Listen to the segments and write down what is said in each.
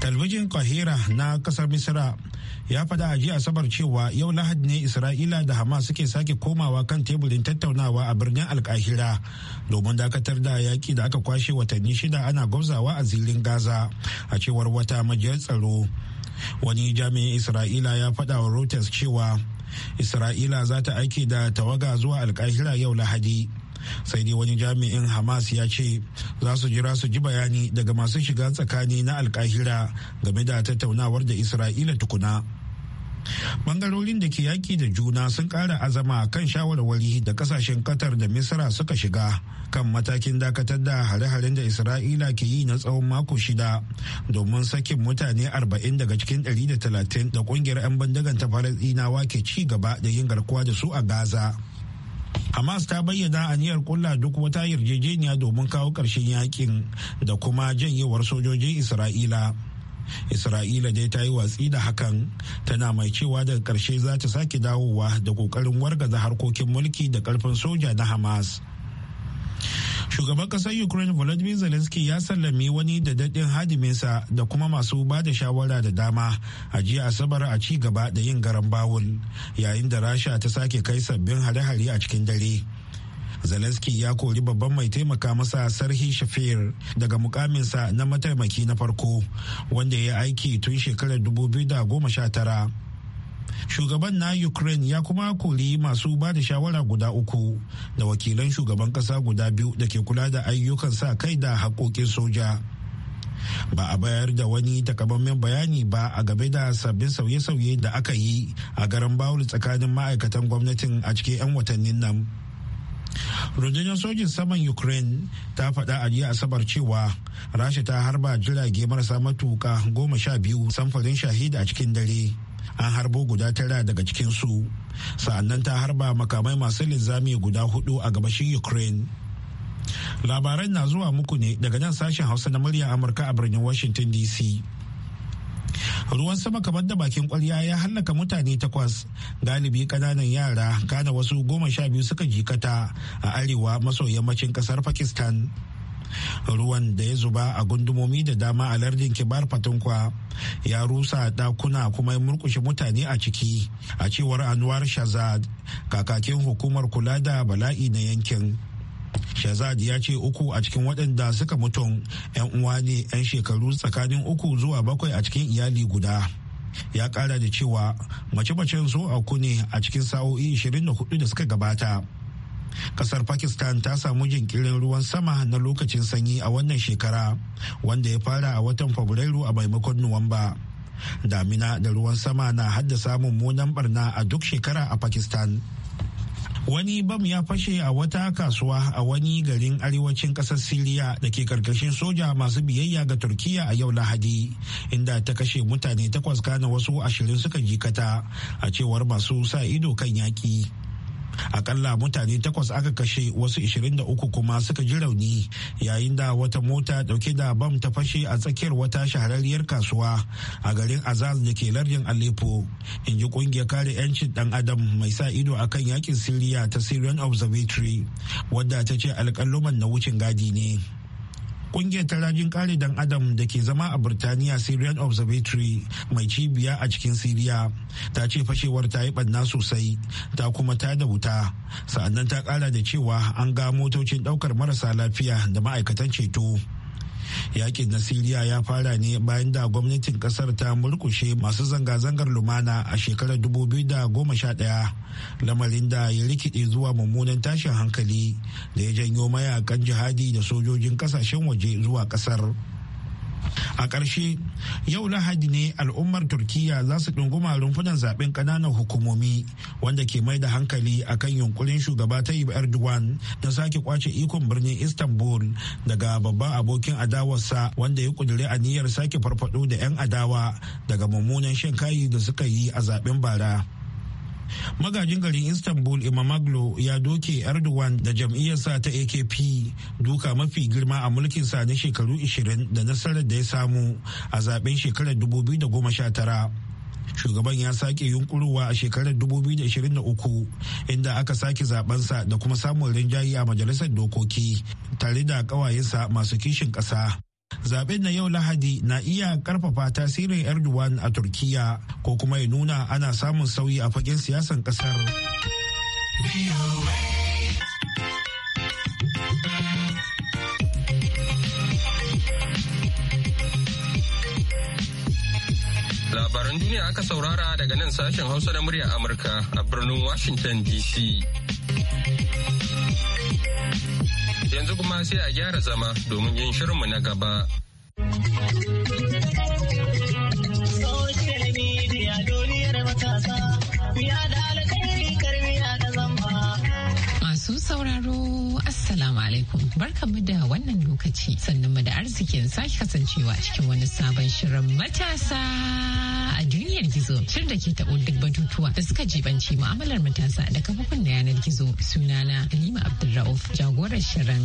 talbijin kahira na kasar misira ya faɗa a jiya asabar cewa yau lahadi ne isra'ila da hamas suke sake komawa kan teburin tattaunawa a birnin alkahira domin dakatar da yaƙi da aka kwashe watanni shida ana gwabzawa a zilin gaza a cewar wata majiyar tsaro wani jami'in isra'ila ya faɗa wa reuters cewa isra'ila za ta aiki da tawaga zuwa alkahira yau lahadi sai dai wani jami'in hamas ya ce za su jira su ji bayani daga masu shiga tsakani na alkahira game da tattaunawar da isra'ila tukuna bangarorin da ke yaki da juna sun kara azama kan shawarwari da kasashen qatar da misra suka shiga kan matakin dakatar da hare-haren da isra'ila ke yi na tsawon mako shida domin sakin mutane 40 daga cikin 130 da kungiyar 'yan bandagan ta falasɗinawa ke ci gaba da yin garkuwa da su a gaza Hamas ta bayyana aniyar kulla duk wata yarjejeniya domin kawo ƙarshen yakin da kuma janyewar sojojin Isra'ila. Isra'ila dai ta yi watsi da hakan tana mai cewa daga ƙarshe za ta sake dawowa da ƙoƙarin wargaza harkokin mulki da ƙarfin soja na Hamas. Shugaban ƙasar Ukraine Volodymyr Zelensky ya sallami wani da daɗin hadiminsa da kuma masu ba da shawara da dama a jiya Asabar a ci gaba da yin garan bawul yayin da Rasha ta sake kai sabbin hare-hare a cikin dare. Zelensky ya kori babban mai taimaka masa Sarhi Shafir daga mukaminsa na mataimaki na farko wanda ya aiki tun shekarar 2019. shugaban na ukraine ya kuma kori masu ba da shawara guda uku da wakilan shugaban kasa guda biyu da ke kula da ayyukan sa kai da haƙoƙin soja ba a bayar da wani takamaiman bayani ba a game da sabbin sauye-sauye da aka yi a garin bawul tsakanin ma'aikatan gwamnatin a cikin 'yan watannin nan rundunar sojin saman ukraine ta faɗa a jiya asabar cewa rasha ta harba jirage marasa matuka goma sha biyu samfurin shahida a cikin dare an harbo guda tara daga cikinsu sa'annan ta harba makamai masu linzami guda hudu a gabashin ukraine labaran na zuwa muku ne daga nan sashen hausa na murya amurka a birnin washington dc ruwan sama kamar da bakin kwarya ya hallaka mutane takwas galibi kananan yara kana wasu goma sha biyu suka jikata a arewa maso yammacin kasar pakistan ruwan da ya zuba a gundumomi da dama a lardin kibar fatankwa ya rusa dakuna kuma ya murkushe mutane a ciki a cewar anwar shazad kakakin hukumar kula da bala'i na yankin shazad ya ce uku a cikin waɗanda suka mutum 'yan uwa ne 'yan shekaru tsakanin uku zuwa bakwai a cikin iyali guda ya kara da cewa mace-macen su ku ne a cikin sa'o'i 24 da suka gabata kasar pakistan ta samu jinkirin ruwan sama na lokacin sanyi a wannan shekara wanda ya fara a watan fabrairu a maimakon nuwamba damina da ruwan sama na samun munan barna a duk shekara a pakistan wani bam ya fashe a wata kasuwa a wani garin arewacin kasar siriya da ke karkashin soja masu biyayya ga turkiya a yau lahadi inda ta kashe mutane takwas kana wasu ashirin suka jikata a cewar masu sa ido kan yaki akalla mutane takwas aka kashe wasu 23 kuma suka ji rauni yayin da wata mota dauke da bam ta fashe a tsakiyar wata shahararriyar kasuwa a garin azal da ke lardin aleppo in ji kungiyar kare 'yancin dan adam mai sa ido a kan yakin siriya ta syrian observatory wadda ta ce alƙalluman na wucin gadi ne Kungiyar tarajin kare dan Adam da ke zama a Birtaniya Syrian Observatory mai cibiya a cikin Syria ta ce fashewar ta yi ɓanna sosai ta kuma ta da wuta. Sa'annan ta ƙara da cewa an ga motocin ɗaukar marasa lafiya da ma'aikatan ceto. yakin na siriya ya fara ne bayan da gwamnatin kasar ta murkushe masu zanga-zangar lumana a shekarar 2011 lamarin da ya rikide zuwa mummunan tashin hankali da ya janyo mayakan jihadi da sojojin kasashen waje zuwa kasar. a ƙarshe yau lahadi ne al'ummar turkiya za su ɗunguma rumfunan zaɓen ƙananan hukumomi wanda ke mai da hankali a kan yunkurin shugaba ta tayyip erdogan da sake kwace ikon birnin istanbul daga babban abokin adawarsa wanda ya ƙudiri aniyar sake farfado da 'yan adawa daga mummunan shan kayi da suka yi a zaɓen bara magajin garin istanbul imamaglo ya doke erdogan da jam'iyyarsa ta akp duka mafi girma a mulkinsa na shekaru 20 da nasarar da ya samu a zaben shekarar 2019 shugaban ya sake yunkurowa a shekarar 2023 inda aka sake zabensa da kuma samun rinjaye a majalisar dokoki tare da kawayensa masu kishin ƙasa zaben na yau lahadi na iya karfafa tasirin erdogan a Turkiyya, ko kuma ya nuna ana samun sauyi a fagen siyasan kasar labaran duniya aka saurara daga nan sashen hausa da murya amurka a birnin washington dc Yanzu kuma sai a gyara zama domin yin shirinmu na gaba. alaikum. Barkanmu da wannan lokaci sannan mu da arzikin sake kasancewa cikin wani sabon shirin matasa a duniyar gizo. Shir da ke taɓo duk batutuwa da suka jibanci mu'amalar matasa da kafofin na yanar gizo. Sunana Halima Abdulra'uf jagorar shirin.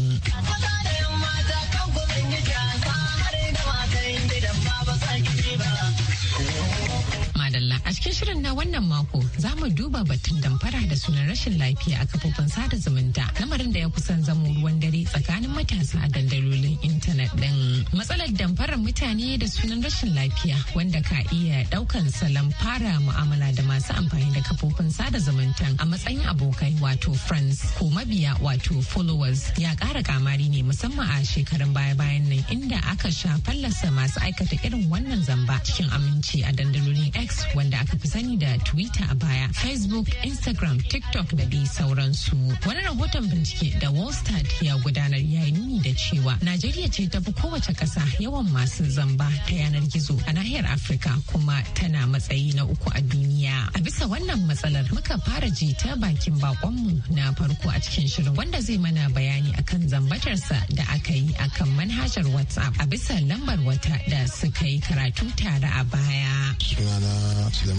A cikin shirin na wannan mako za mu duba batun damfara da sunan rashin lafiya a kafofin sada zumunta lamarin da ya kusan zama ruwan dare tsakanin matasa a dandalolin intanet din. Matsalar damfarar mutane da sunan rashin lafiya wanda ka iya ɗaukan salon fara mu'amala da masu amfani da kafofin sada zumunta a matsayin abokai wato friends ko mabiya wato followers ya kara kamari ne musamman a shekarun baya-bayan nan inda aka sha fallasa masu aikata irin wannan zamba cikin aminci a dandalolin X wanda aka sani da Twitter a baya, Facebook, Instagram, TikTok da dai sauransu. Wani rahoton bincike da Wallstat ya gudanar ya yi nuni da cewa Najeriya ce ta fi kowace ƙasa yawan masu zamba ta yanar gizo a nahiyar Afirka kuma tana matsayi na uku a duniya. A bisa wannan matsalar muka fara ji ta bakin bakonmu na farko a cikin shirin wanda zai mana bayani akan zambatarsa da aka yi akan manhajar WhatsApp a bisa lambar wata da suka yi karatu tare a baya.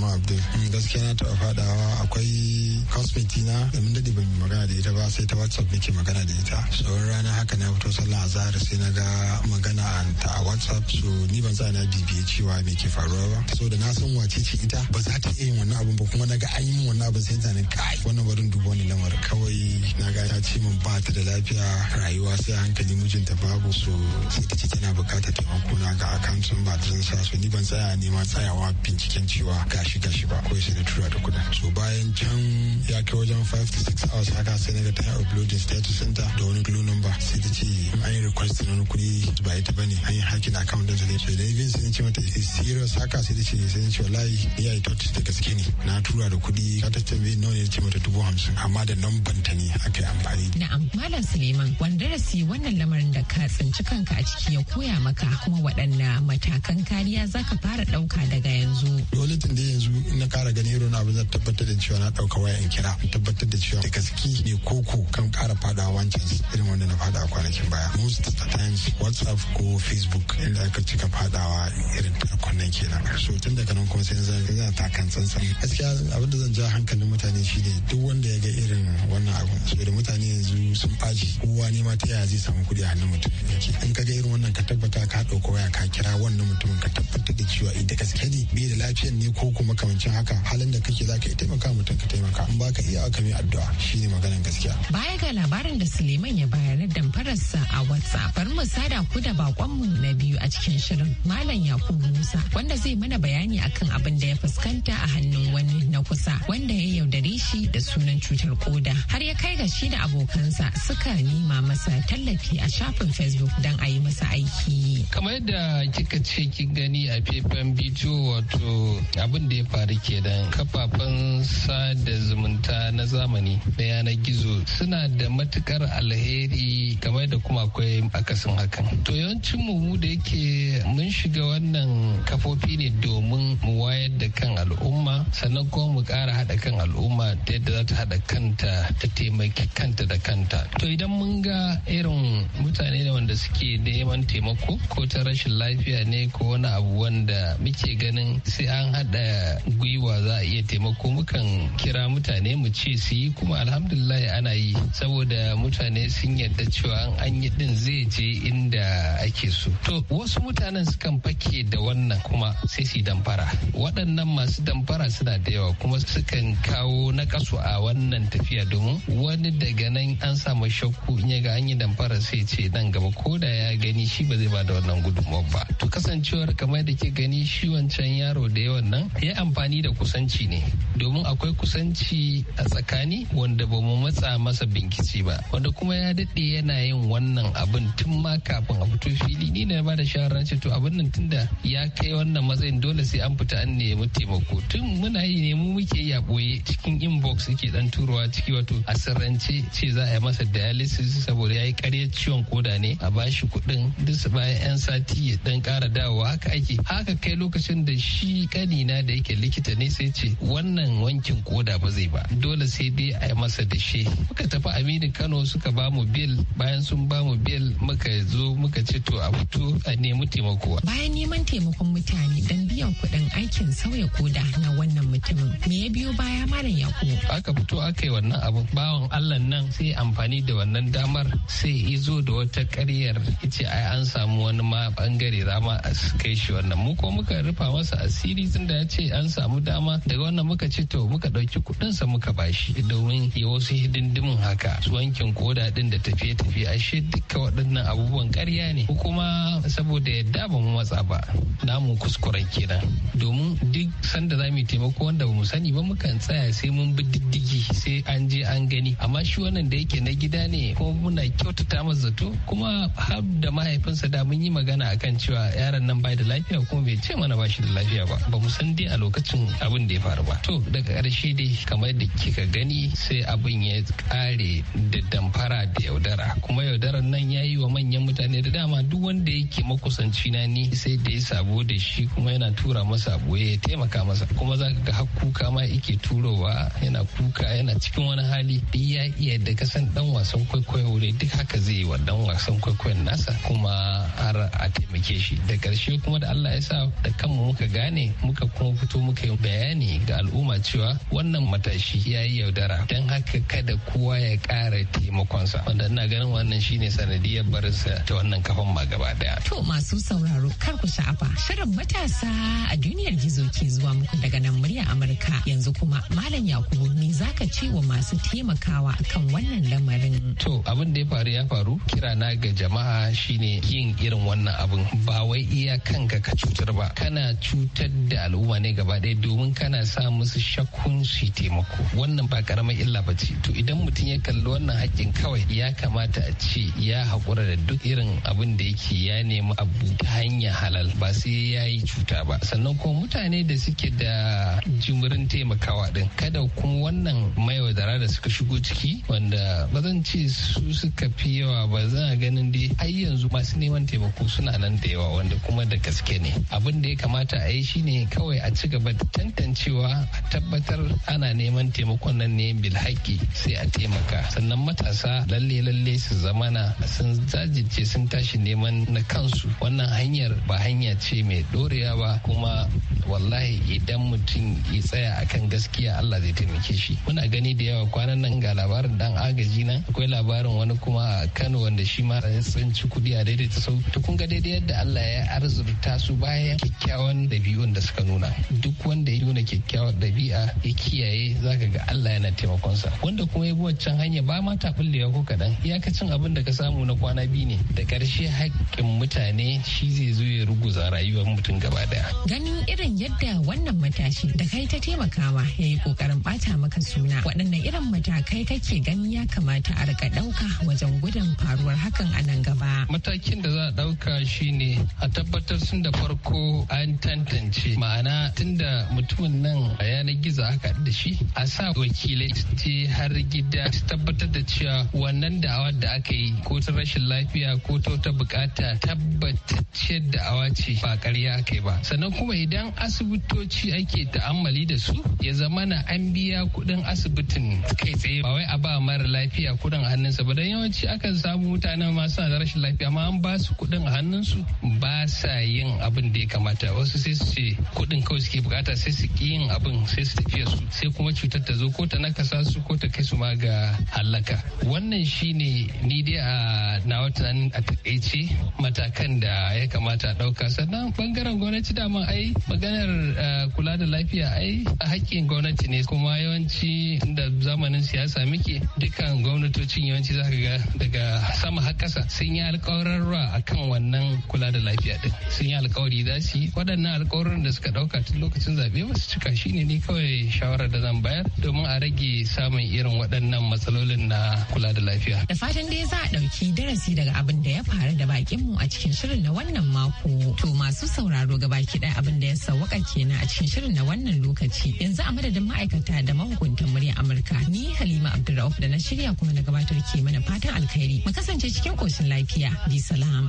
Adamu Abdul. Gaskiya na taɓa faɗawa akwai housemate na da mun daɗe ban magana da ita ba sai ta WhatsApp nake magana da ita. Sauran rana haka na fito sallah azhar sai na ga magana ta a WhatsApp so ni ban sa na bibiye cewa me ke faruwa ba. da na san wace ce ita ba za ta iya yin wannan abun ba kuma na ga an yi wannan abun sai zanen kai wannan barin dubu wani lamar kawai na ga ta ce min ba ta da lafiya rayuwa sai hankali mijinta babu so sai ta ce tana bukatar taimako na hamsin ba ta sa so ni ban tsaya neman tsayawa binciken cewa gashi gashi ba ko sai na tura da kuɗin so bayan can ya kai wajen 5 to 6 hours haka sai na ga ta uploading status center da wani glue number sai ta ce an yi request na wani kuɗi ba ita ne an yi hakin account din ta ne so da even sai na ce mata is serious haka sai ta ce sai na ce wallahi ni yi tot da gaske ne na tura da kuɗi ka ta tambaye nawa ne ce mata dubu hamsin amma da ban ta ne aka yi amfani. Na'am Malam Suleiman wanda darasi wannan lamarin da ka tsinci kanka a ciki ya koya maka kuma waɗanna matakan kariya za ka fara ɗauka daga yanzu? dole da yanzu na kara gani irin abu zan tabbatar da cewa na ɗauka wayan kira tabbatar da cewa da gaske ne koko kan kara fada wancan irin wanda na fada a kwanakin baya. Most of the times WhatsApp ko Facebook inda aka cika fadawa irin tarkon nan kenan. So tun daga nan kuma sai zan zan takan tsantsan. Gaskiya abin da zan ja hankalin mutane shi ne duk wanda ya ga irin wannan abu. Saboda mutane yanzu sun ɓaci kowa ne ma ta yaya zai samu kuɗi a hannun mutum. In ka ga irin wannan ka tabbata ka ɗauka waya ka kira wannan mutumin ka tabbatar da cewa ita eh, gaske ne bai da lafiyan ne ko kuma kamancin haka halin da kake zaka yi taimaka mutum ka taimaka in baka iya aka mai addu'a shine maganan gaskiya baya ga labarin da Suleiman ya bayar damfararsa a WhatsApp bari mu sada ku da bakonmu na biyu a cikin shirin Malam Yakubu Musa wanda zai mana bayani akan abin da ya fuskanta a hannun wani na kusa wanda ya yaudare shi da sunan cutar koda har ya kai ga shi da abokansa suka nima masa tallafi a shafin Facebook don a yi masa aiki kamar yadda kika ce kin gani a faifan bidiyo wato abin da ya faru kenan kafafen sada zumunta na zamani na yanar gizo suna da matukar alheri kamar da kuma akwai akasin hakan to yawancin mu da yake mun shiga wannan kafofi ne domin mu wayar da kan al'umma sannan kuma mu kara hada kan al'umma ta yadda za ta hada kanta ta taimaki kanta da kanta to idan mun ga irin mutane da wanda suke neman taimako ko ta rashin lafiya tafiya ne ko wani abu wanda muke ganin sai an haɗa gwiwa za a iya taimako mukan kira mutane mu ce su yi kuma alhamdulillah ana yi saboda mutane sun yarda cewa an yi din zai je inda ake so to wasu mutanen sukan fake da wannan kuma sai su damfara waɗannan masu damfara suna da yawa kuma sukan kawo nakasu a wannan tafiya domin wani daga nan an samu shakku in ya ga an yi damfara sai ce nan gaba ko da ya gani shi ba zai ba da wannan gudunmawar ba to kasancewar kamar da ke gani shi wancan yaro da yawan nan ya amfani da kusanci ne domin akwai kusanci a tsakani wanda ba mu matsa masa binkici ba wanda kuma ya daɗe yana yin wannan abin tun ma kafin a fito fili ni na ba da ce to abin nan tunda ya kai wannan matsayin dole sai an fita an nemi taimako tun muna yi ne mu muke yi a cikin inbox yake dan turowa ciki wato a sirrance ce za a yi masa dialysis saboda ya yi karyar ciwon koda ne a bashi kuɗin duk bayan 'yan sati ya dan kara dawowa aka ake haka kai lokacin da shi kanina da yake likita ne sai ce wannan wankin koda ba zai ba dole sai dai a yi masa dashe muka tafi aminu kano suka ba mu bil bayan sun ba mu bil muka zo muka ce to a fito a nemi taimako bayan neman taimakon mutane dan biyan kuɗin aikin sauya koda na wannan mutumin me ya biyo baya malam yakubu aka fito aka yi wannan abun bawan allah nan sai amfani da wannan damar sai izo da wata karyar ce ai an samu wani ma bangare za dama a kai shi wannan mu ko muka rufa masa asiri da ya ce an samu dama daga wannan muka ce to muka ɗauki kuɗin sa muka bashi domin ya wasu hidindimin haka wankin koda din da tafiye-tafiye ashe duka waɗannan abubuwan ƙarya ne Ko kuma saboda yadda ba mu matsa ba namu kuskuren kenan domin duk sanda za mu taimako wanda ba mu sani ba mukan tsaya sai mun bi diddigi sai an je an gani amma shi wannan da yake na gida ne kuma muna kyautata masa zato kuma har da mahaifinsa da mun yi magana akan cewa yaron nan bai da lafiya kuma bai ce mana ba shi da lafiya ba ba mu san dai a lokacin abin da ya faru ba to daga ƙarshe dai kamar da kika gani sai abin ya ƙare da damfara da yaudara kuma yaudarar nan ya yi wa manyan mutane da dama duk wanda ya ke makusanci na ni sai da ya sabo da shi kuma yana tura masa boye ya taimaka masa kuma za ka ga har kuka ma yake turowa yana kuka yana cikin wani hali duk ya iya da kasan dan wasan kwaikwayo duk haka zai yi wa dan wasan kwaikwayon nasa kuma har a taimake shi shi da ƙarshe kuma da Allah ya sa da kanmu muka gane muka kuma fito muka yi bayani ga al'umma cewa wannan matashi ya yi yaudara don haka kada kowa ya ƙara taimakonsa wanda ina ganin wannan shine sanadiyar barinsa ta wannan kafan ma gaba daya. To masu sauraro kar ku sha'afa shirin matasa a duniyar gizo ke zuwa muku daga nan murya Amurka yanzu kuma Malam Yakubu ni zaka ce wa masu taimakawa akan wannan lamarin. To abin da ya faru ya faru kira na ga jama'a shine yin irin wannan abin ba wai iya kanka ka cutar ba kana cutar da al'umma ne gaba ɗaya domin kana sa musu shakkun su taimako wannan ba karamar illa ba ce to idan mutum ya kalli wannan haƙƙin kawai ya kamata a ce ya haƙura da duk irin abin da yake ya nemi abu ta hanya halal ba sai ya yi cuta ba sannan kuma mutane da suke da jimirin taimakawa din kada kuma wannan maiwadara da suka shigo ciki wanda ba zan ce su suka fi yawa ba za a ganin dai har yanzu masu neman taimako suna nan da yawa wanda kuma da gaske ne abin da ya kamata a yi shine kawai a ci gaba da tantancewa a tabbatar ana neman taimakon nan ne bil haƙƙi sai a taimaka sannan matasa lalle lalle su zamana sun jajirce sun tashi neman na kansu wannan hanyar ba hanya ce mai dorewa ba kuma wallahi idan mutum ya tsaya akan gaskiya Allah zai taimake shi muna gani da yawa kwanan nan ga labarin dan agaji nan akwai labarin wani kuma a Kano wanda shi ma tsinci kuɗi a daidaita sau tukun ga daidai yadda Allah Allah ya arzurta su bayan kyakkyawan ɗabi'un da suka nuna duk wanda ya nuna kyakkyawar ɗabi'a ya kiyaye zaka ga Allah yana taimakon sa wanda kuma ya bi wancan hanya ba ma ta ko kaɗan iyakacin abin da ka samu na kwana biyu ne da ƙarshe haƙƙin mutane shi zai zo ya ruguza rayuwar mutum gaba ɗaya. Ganin irin yadda wannan matashi da kai ta taimakawa ya yi ƙoƙarin ɓata maka suna waɗannan irin matakai kake gani ya kamata a rika ɗauka wajen gudun faruwar hakan a nan gaba. Matakin da za a ɗauka shine a tabbatar sun da farko an tantance ma'ana tunda mutumin nan a yanar gizo aka da shi a sa wakilai ce har gida tabbatar da cewa wannan da'awa da aka yi ko ta rashin lafiya ko ta wata bukata tabbatacciyar da'awa ce ba karya aka yi ba sannan kuma idan asibitoci ake ta'ammali da su ya zama na an biya kuɗin asibitin kai tsaye ba wai a ba mara lafiya kuɗin a hannunsa ba don yawanci akan samu mutanen masu rashin lafiya Amma an ba su kuɗin a hannunsu ba sa yin abin da ya kamata wasu sai su ce kuɗin kawai suke bukata sai su ki yin abin sai su tafiya su sai kuma cutar ta zo ko ta nakasa su ko ta kai su ma ga halaka wannan shine ni dai a nawa tunanin a takaice matakan da ya kamata a ɗauka sannan bangaren gwamnati dama ai maganar eh, kula da lafiya ai hakkin gwamnati ne kuma yawanci da zamanin siyasa muke dukkan gwamnatocin yawanci zaka ga daga sama har ƙasa sun yi a akan wannan kula da lafiya lafiya din sun yi alkawari za yi waɗannan alkawarin da suka ɗauka tun lokacin zaɓe ba su cika shi ne kawai shawara da zan bayar domin a rage samun irin waɗannan matsalolin na kula da lafiya. Da fatan dai za a ɗauki darasi daga abin da ya faru da bakinmu a cikin shirin na wannan mako. To masu sauraro gaba ɗaya abin da ya sauwaka kenan a cikin shirin na wannan lokaci. Yanzu a madadin ma'aikata da mahukuntan muryar Amurka ni Halima Abdulrauf da na shirya kuma na gabatar ke mana fatan alkhairi. Mu kasance cikin koshin lafiya. Bi salam.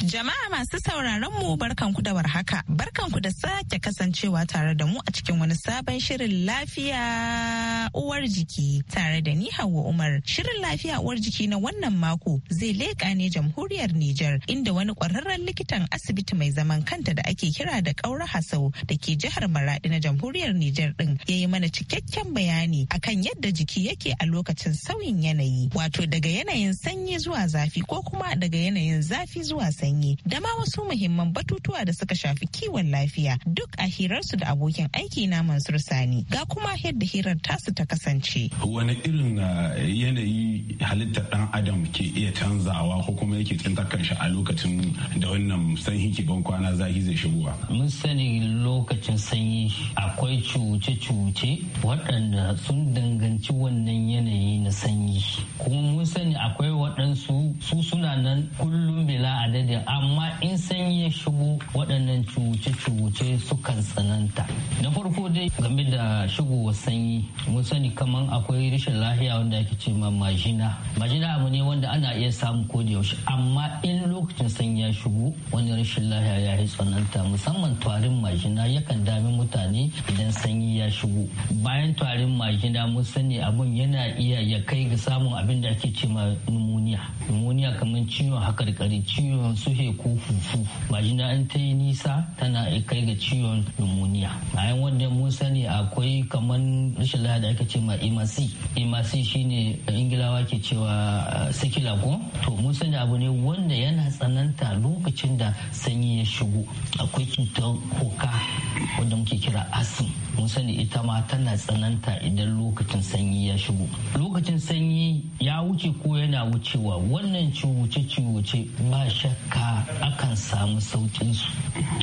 Jama'a masu sauraron mu barkanku da warhaka. Barkanku da sake kasancewa tare da mu a cikin wani sabon shirin lafiya uwar jiki tare da ni Hauwa Umar. Shirin lafiya uwar jiki na wannan mako zai leƙa ne jamhuriyar Nijar inda wani ƙwararren likitan asibiti mai zaman kanta da ake kira da ƙaura Hasau da ke jihar Maradi na jamhuriyar Nijar din ya yi mana cikakken bayani akan yadda jiki yake a lokacin sauyin yanayi wato daga yanayin sanyi zuwa zafi ko kuma daga yanayin zafi zuwa sanyi. ganye da ma wasu muhimman batutuwa da suka shafi kiwon lafiya duk a hirarsu da abokin aiki na Mansur Sani ga kuma yadda hirar tasu ta kasance. Wani irin uh, yanayi halittar dan adam ke iya canzawa ko kuma yake tsintar kanshi a lokacin da wannan sanyi ke ban kwana zahi zai shigowa. Mun sani lokacin sanyi akwai cuce-cuce waɗanda sun danganci wannan yanayi na sanyi. Kuma mun sani akwai waɗansu su suna nan kullum bila adadi amma in sanyi ya shigo waɗannan cuwuce-cuwuce sukan tsananta na farko dai game da shigowar sanyi mun sani kaman akwai rashin lahiya wanda ake ce ma majina majina abu ne wanda ana iya samu ko da yaushe amma in lokacin sanyi ya shigo wani rashin lahiya ya yi tsananta musamman tarin majina yakan dami mutane idan sanyi ya shigo bayan tarin majina mun sani abun yana iya ya kai ga samun abin da ake ce ma numuniya numuniya kamar ciwon hakarkari ciwon suhe ko fufu majina an ta yi nisa tana kai ga ciwon pneumonia bayan wanda mun sani akwai kamar rashin lahada aka ce ma imasi imasi shine ingilawa ke cewa sikila eh, ko to mun sani abu ne wanda yana tsananta lokacin da sanyi ya shigo akwai cutar koka wanda muke kira asin mun sani ita ma tana tsananta idan lokacin sanyi ya shigo lokacin sanyi ya wuce ko yana wucewa wannan ciwuce-ciwuce ba shakka akan samu saukin su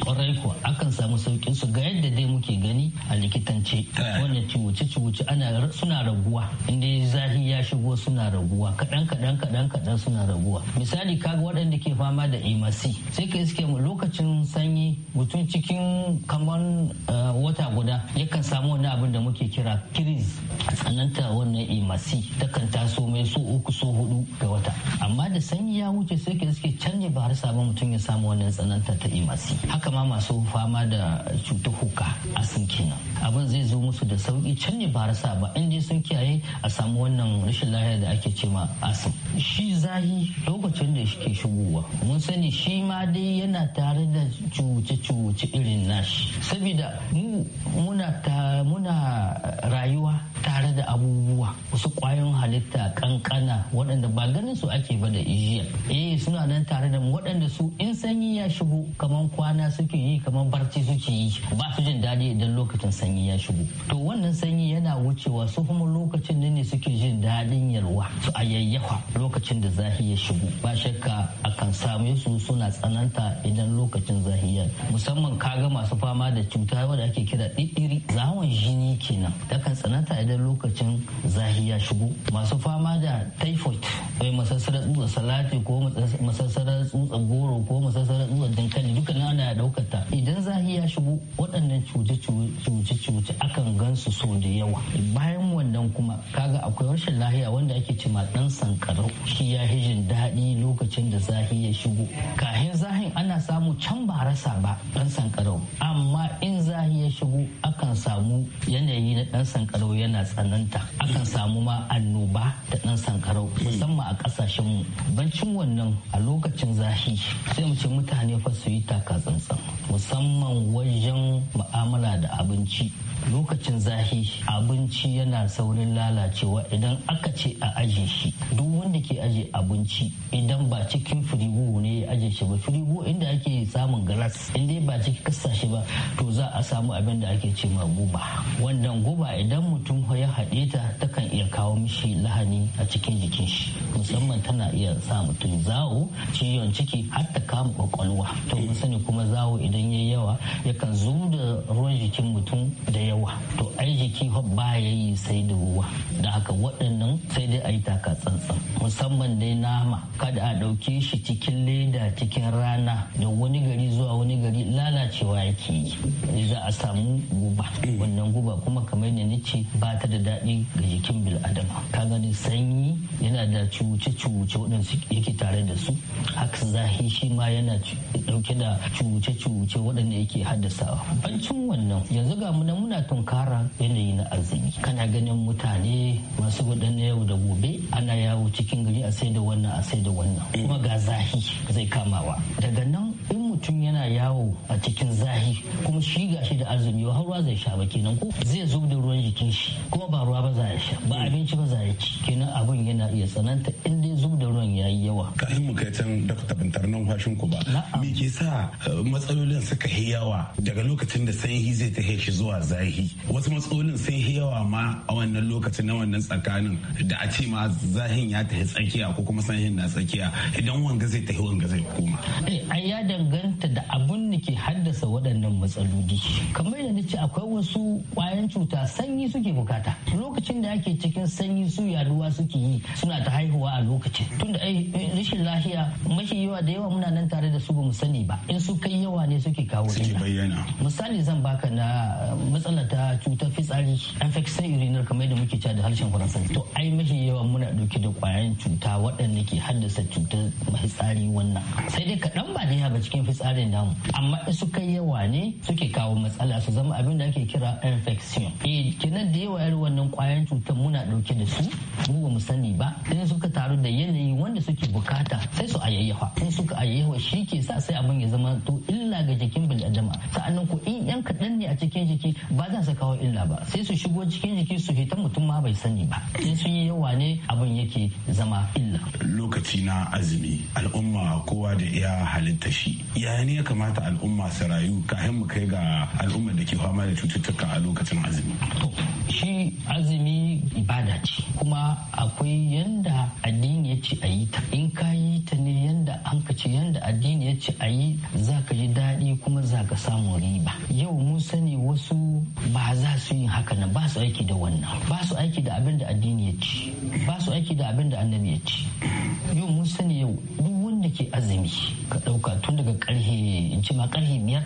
ƙwarai akan samu saukin su ga yadda dai muke gani a likitance wannan ciwuce-ciwuce ana suna raguwa inda zahi ya shigo suna raguwa kaɗan kaɗan kaɗan kaɗan suna raguwa misali kaga waɗanda ke fama da emasi sai ka iske mu lokacin sanyi mutum cikin kamar eh, wata guda ya yakan samu wani abin da muke kira kiris tsananta wannan imasi takan taso mai so uku so hudu ga wata amma da sanyi ya wuce sai ka suke canje ba har sabon mutum ya samu wannan tsananta ta imasi haka ma masu fama da cutar huka sun kenan abin zai zo musu da sauki canje ba har ba in dai sun kiyaye a samu wannan rashin lahiya da ake ce ma shi zahi lokacin da shi ke shigowa mun sani shi ma dai yana tare da cuce-cuce irin nashi saboda mu muna muna rayuwa tare da abubuwa wasu kwayoyin halitta kankana waɗanda ba ganin su ake ba da ijiya eh suna nan tare da mu waɗanda su in sanyi ya shigo kaman kwana suke yi kamar barci suke yi ba su jin daɗi idan lokacin sanyi ya shigo to wannan sanyi yana wucewa su kuma lokacin ne suke jin daɗin yalwa su a lokacin da zahi ya shigo ba shakka akan same su suna tsananta idan lokacin zahiyar musamman ka ga masu fama da cuta wanda ake kira ɗiɗiri zawon jini kenan takan tsananta idan lokacin zahi ya shigo masu fama da typhoid mai masassarar tsutsa salati ko masassarar tsutsa goro ko masassarar tsutsa dankali duka na ana daukata idan zahi ya shigo waɗannan cuce-cuce akan gansu so da yawa bayan wannan kuma kaga akwai rashin lahiya wanda ake cima ɗan sankarau shi ya hijin daɗi lokacin da zahi ya shigo kahin zahin ana samu can ba rasa ba ɗan sankarau amma in zahi ya shigo aka. akan samu yanayi na dan sankarau yana tsananta akan samu ma annoba da dan sankarau hmm. musamman a kasashen mu bancin wannan a lokacin zafi sai mu ce mutane fa su yi taka tsantsan musamman wajen mu'amala da abinci lokacin zafi abinci yana saurin lalacewa idan aka ce a aje shi duk wanda ke aje abinci idan ba cikin firigo ne ya aje shi ba firigo inda ake samun galas inda ba cikin kasashe ba to za a samu abin da ake ce ma guba wannan guba idan mutum ya haɗe ta takan iya kawo mishi lahani a cikin jikin shi musamman tana iya sa mutum zawo ciwon ciki har ta kama kwakwalwa to mun sani kuma zawo idan ya yawa yakan zo da ruwan jikin mutum da yawa to ai jiki ba ya yi sai da ruwa da haka waɗannan sai dai a yi taka tsantsan musamman dai nama kada a ɗauke shi cikin leda cikin rana da wani gari zuwa wani gari lalacewa yake yi za a samu guba Eh. wannan guba kuma kamar na nace ba ta da daɗi ga jikin bil'adama ka gani sanyi yana da cuce-cuce waɗansu yake tare da su haka zahi shi ma yana ɗauke da cuce-cuce waɗanda yake haddasawa bancin wannan yanzu ga mu muna muna tunkara yanayi na arziki kana ganin mutane masu waɗanda yau da gobe ana yawo cikin gari a sai da wannan a sai da wannan eh. kuma ga zahi zai kamawa daga nan mutum yana yawo a cikin zahi kuma shi ga shi da azumi har ruwa zai sha ba kenan ko zai zo da ruwan jikin shi kuma ba ruwa ba za ya sha ba abinci ba za ya ci kenan abin yana iya tsananta in dai zub da ruwan yi yawa kafin mu kai can dakta bantar numfashin ku ba me ke sa eh, matsalolin suka yi yawa daga lokacin da sanyi zai ta shi zuwa zahi wasu matsalolin sun yi yawa ma a wannan lokacin na wannan tsakanin da a ce ma zahin ya tahi tsakiya ko kuma sanyin na tsakiya idan wanga zai tafi wanga zai koma eh, ai ya dangana danganta da abun da ke haddasa waɗannan matsaloli kamar da nace akwai wasu ƙwayan cuta sanyi suke bukata lokacin da ake cikin sanyi su yaduwa suke yi suna ta haihuwa a lokacin tunda ai eh, rashin lafiya mafi yawa da yawa muna nan tare da su bamu sani ba in su kai yawa ne suke kawo illa misali zan baka na matsala ta cutar fitsari infection na kamar da muke cewa da harshen faransanci to ai mafi yawa muna dauke da ƙwayan cuta waɗanda ke haddasa cutar mafitsari wannan sai dai kaɗan ba yawa ba cikin fitsari tsarin namu amma in suka yawa ne suke kawo matsala su zama abin da ake kira infection eh kenan da yawa irin wannan kwayan cutar muna dauke da su mu ba mu sani ba in suka taru da yanayi wanda suke bukata sai su ayayyafa in suka ayayyafa shi ke sa sai abin ya zama to illa ga jikin bil'adama sa'annan ko in yan kaɗan ne a cikin jiki ba za su kawo illa ba sai su shigo cikin jiki su hita mutum ma bai sani ba in sun yi yawa ne abin yake zama illa lokaci na azumi al'umma kowa da iya halitta shi yaya ne ya kamata al'umma su rayu kafin mu kai ga al'ummar da ke fama da cututtuka a lokacin azumi shi azumi ibada ce kuma akwai yanda addini ya ce a yi ta in ka yi ta ne yanda an ka ce yanda addini ya ce a yi za ka ji daɗi kuma za ka samu riba yau mun sani wasu ba za su yi haka na ba su aiki da wannan ba su aiki da abin da addini ya ce ba su aiki da abin da annabi ya ce yau mun sani yau duk wanda ke azumi ka ɗauka tun daga karhe in karhe biyar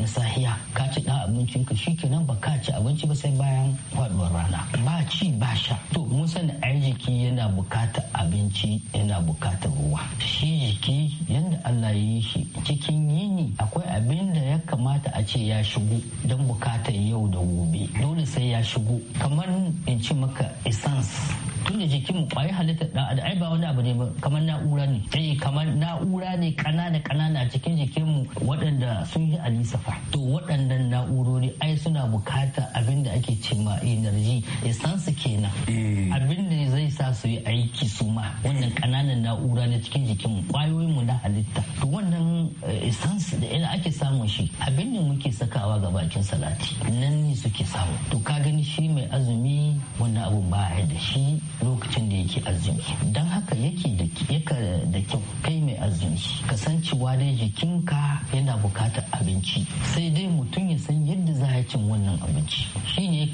na sahiya ka ci da abincin ka shi kenan ba ka ci abinci ba sai bayan faduwar rana ba ci ba sha to mun sani ai jiki yana bukata abinci yana bukatar ruwa shi jiki yanda Allah ya yi shi cikin yini akwai abin da ya kamata a ce ya shigo don bukatar yau da gobe dole sai ya shigo kamar in ci maka essence tunda jikin mu kwayi halitta da ai ba wani abu ne kamar na'ura ne eh kamar na'ura ne kanana kanana cikin jiki mu waɗanda sun yi alisafa to waɗannan na'urori ai suna bukata abin da ake ce ma energy su kenan eh. abin da zai sa su yi aiki su ma wannan ƙananan na'ura na cikin jikin kwayoyin mu na halitta to wannan eh, essence da ina ake samun shi abin da muke sakawa ga bakin salati nan ne suke samu to ka gani shi mai azumi wannan abun ba da shi lokacin da yake azumi don haka yake da kyau kai mai azumi kasancewa dai jikin jikinka yana bukatar abinci sai dai mutum ya san yadda za a cin wannan abinci shi ne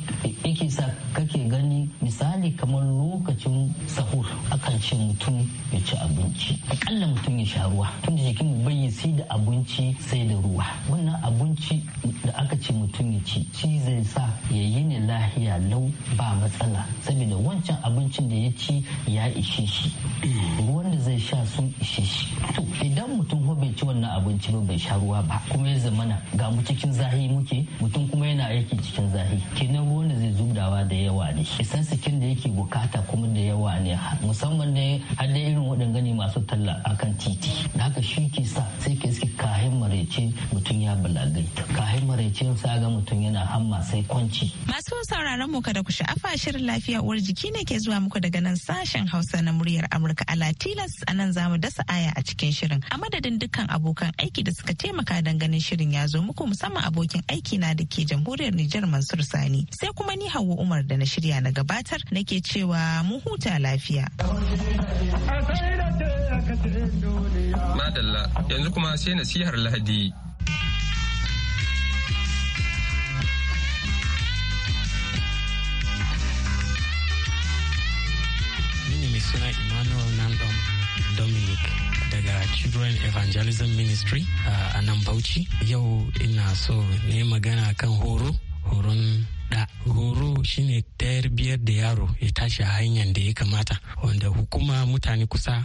yake sa kake gani misali kamar lokacin sahur akan ce mutum ya ci abinci akalla mutum ya sha ruwa tunda jikin mu bai sai da abinci sai da ruwa wannan abinci da aka ce mutum ya ci shi zai sa ya yi ne lahiya lau ba matsala saboda wancan abincin da ya ci ya ishe shi ruwan zai sha sun ishe shi to idan mutum ko bai ci wannan abinci ba bai sha ruwa ba kuma ya zamana ga mu cikin zahi muke mutum kuma yana aiki cikin zahi kenan ruwan zai zubdawa da yawa ne isan sikin da yake bukata kuma da yawa ne musamman ne har da irin waɗanda ne masu talla akan titi da haka shi ke sa sai ke iske ka kahin marece mutum ya sa ga mutum yana hamma sai kwanci. Masu sauraron mu kada ku sha'afa shirin lafiya uwar jiki ne ke zuwa muku daga nan sashen Hausa na muryar Amurka a Latilas a nan zamu dasa aya a cikin shirin. A madadin dukkan abokan aiki da suka taimaka don ganin shirin ya zo muku musamman abokin aiki na da ke jamhuriyar Nijar Mansur Sani. Sai kuma ni Hauwa Umar da na shirya na gabatar nake cewa mu huta lafiya. Madalla yanzu kuma sai nasihar ranar Lahadi. suna Emmanuel Nandom Dominic daga Children Evangelism Ministry uh, a nan Bauchi. Yau ina so ne magana kan horo, horon da horo shine tarbiyyar da yaro ya tashi a hanyar da ya kamata wanda hukuma mutane kusa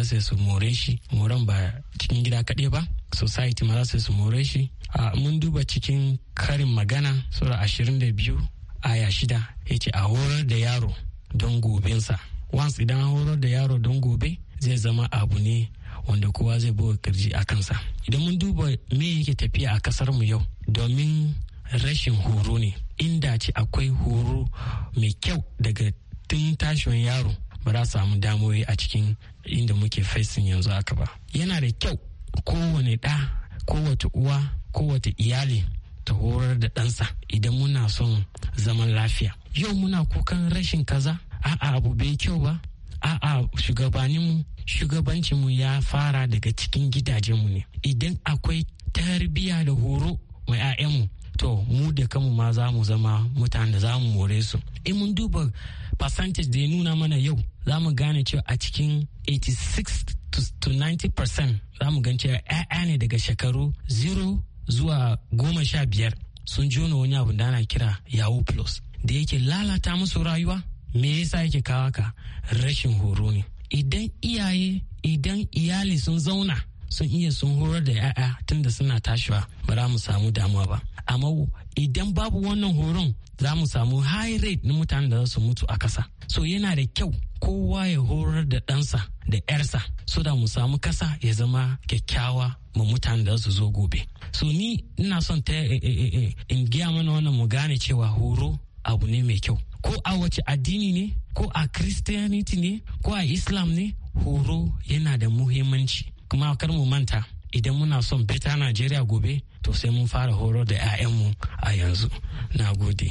za su more shi moran ba cikin gida kaɗai ba society ma za su more shi a mun duba cikin karin magana sura ashirin da biyu aya shida ya ce a horar da yaro don gobensa once idan an horar da yaro don gobe zai zama abu ne wanda kowa zai buga kirji a kansa idan mun duba me yake tafiya a kasar mu yau domin rashin horo ne inda ce akwai horo mai kyau daga tun tashin yaro ba za samu damoyi a cikin inda muke facing yanzu haka ba yana da kyau kowane ɗa kowace uwa kowace iyali ta horar da ɗansa idan muna son zaman lafiya yau muna kukan rashin kaza a'a abu bai kyau ba a'a shugabaninmu shugabancinmu ya fara daga cikin gidajenmu ne idan akwai tarbiyya da horo mai 'ya'yanmu to mu da kanmu ma za mu zama mutane da za mu more su in mun duba percentage da ya nuna mana yau za mu gane cewa a cikin 86 to 90% za mu gan cewa 'ya'ya ne daga shekaru 0 zuwa goma sha biyar sun jona wani abu da ana kira yahoo plus da yake lalata musu rayuwa me yasa yake kawo ka rashin horo ne idan iyaye idan iyali sun zauna sun iya sun horar da 'ya'ya tunda suna tashiwa ba za mu samu damuwa ba amma idan babu wannan horon za mu samu high rate na mutanen da za su mutu a kasa so yana da kyau kowa ya horar da ɗansa da 'yarsa so da mu samu kasa ya zama kyakkyawa ma mutanen da su zo gobe so ni ina son ta eh, eh, eh, in giya mana wannan mu gane cewa horo abu ne mai kyau ko a wace addini ne ko a christianity ne ko a islam ne horo yana da muhimmanci kuma kar mu manta idan muna son fita najeriya gobe to sai mun fara horo da 'ya'yanmu a yanzu na gode